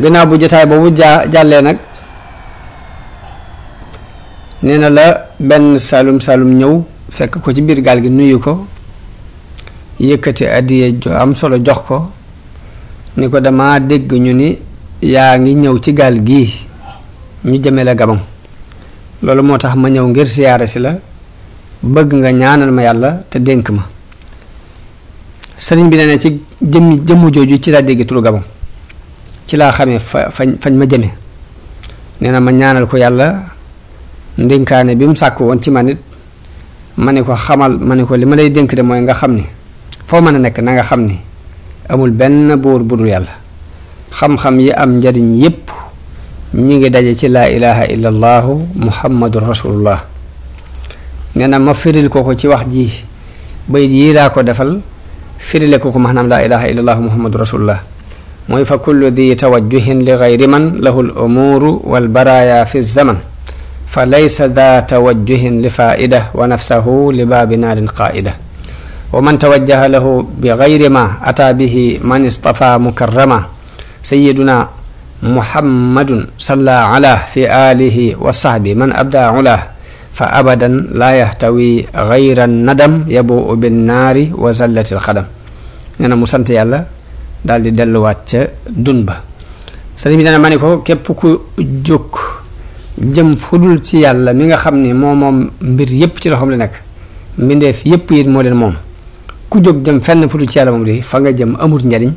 gannaaw bu jotaay boobu jaa jàllee nag nee na la benn salum saalum ñëw fekk ko ci biir gaal gi nuyu ko yëkkati addiye am solo jox ko ni ko damaa dégg ñu ni yaa ngi ñëw ci gaal gii ñu jëme la gabam loolu moo tax ma ñëw ngir siyaare si la bëgg nga ñaanal ma yàlla te dénk ma sëriñ bi ne ne ci jëmmi jëmmu jooju ci la dégg turu gabam ci laa xamee fa fañ fañ ma jëme nee na ma ñaanal ko yàlla ndénkaane bi mu sàkk woon ci ma nit ma ne ko xamal ma ne ko li ma lay dénk de mooy nga xam ni foo mën a nekk na nga xam ni amul benn buur budul yàlla xam-xam yi am njariñ yépp ñu ngi daje ci laa ilaha illa allahu muhammadu rasulullah nee na ma firil ko ko ci wax ji bayit yii laa ko defal firile ko ko maanaam laa ilaha illa allahu muhammadu rasulullah موي فكل ذي توجه لغير من له الأمور والبرايا في الزمن فليس ذا توجه لفائدة ونفسه لباب نار قائدة ومن توجه له بغير ما أتى به من اصطفى مكرما سيدنا محمد صلى عليه في آله وصحبه من أبدى علاه فأبدا لا يحتوي غير الندم يبوء بالنار وزلة الخدم أنا مسنتي مسنت يالله daal di delluwaat ca dun ba sëriñ bi dana ma ne ko képp ku jóg jëm fu dul ci yàlla mi nga xam ni moo moom mbir yépp ci loxoom la nekk mbindeef yépp yi moo leen moom ku jóg jëm fenn fu dul ci yàlla moom di fa nga jëm amut njariñ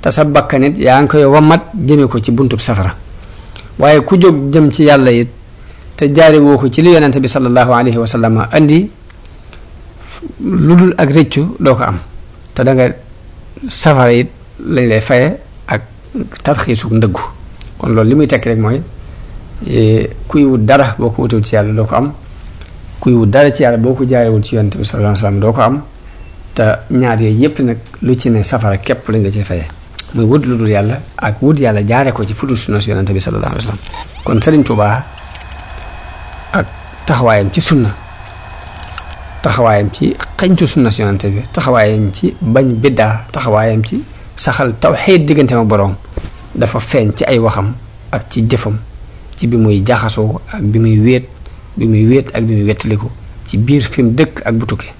te sa bakkan it yaa ngi koy wammat jëmee ko ci buntub safara waaye ku jóg jëm ci yàlla it te jaari woo ko ci li yonent bi sallallahu alayhi wa sallam andi lu dul ak rëccu doo ko am te da safara it lañ lay faye ak tarxiisug ndëggu kon loolu li muy tekk rek mooy eh, kuy wut dara boo ko wutewul ci yàlla doo ko am kuy wut dara ci yàlla boo ko jaarewul ci yonent bi doo ko am te ñaar yooyu yëpp nag lu ci ne safara képp lañ la ci faye muy wut lu dul yàlla ak wut yàlla jaare ko ci fudul sunna si yonent bi sallallahu alayhi wasallam kon Sëriñ Tuubaa ak taxawaayam ci sunna taxawaayam ci xëñtu sunna si yonent bi taxawaayam ci bañ biddaa taxawaayam ci saxal tawxiid diggante ma boroom dafa feeñ ci ay waxam ak ci jëfam ci bi muy jaxasoo ak bi muy wéet bi muy wéet ak bi muy wettaliku ci biir fi mu dëkk ak bu tukkee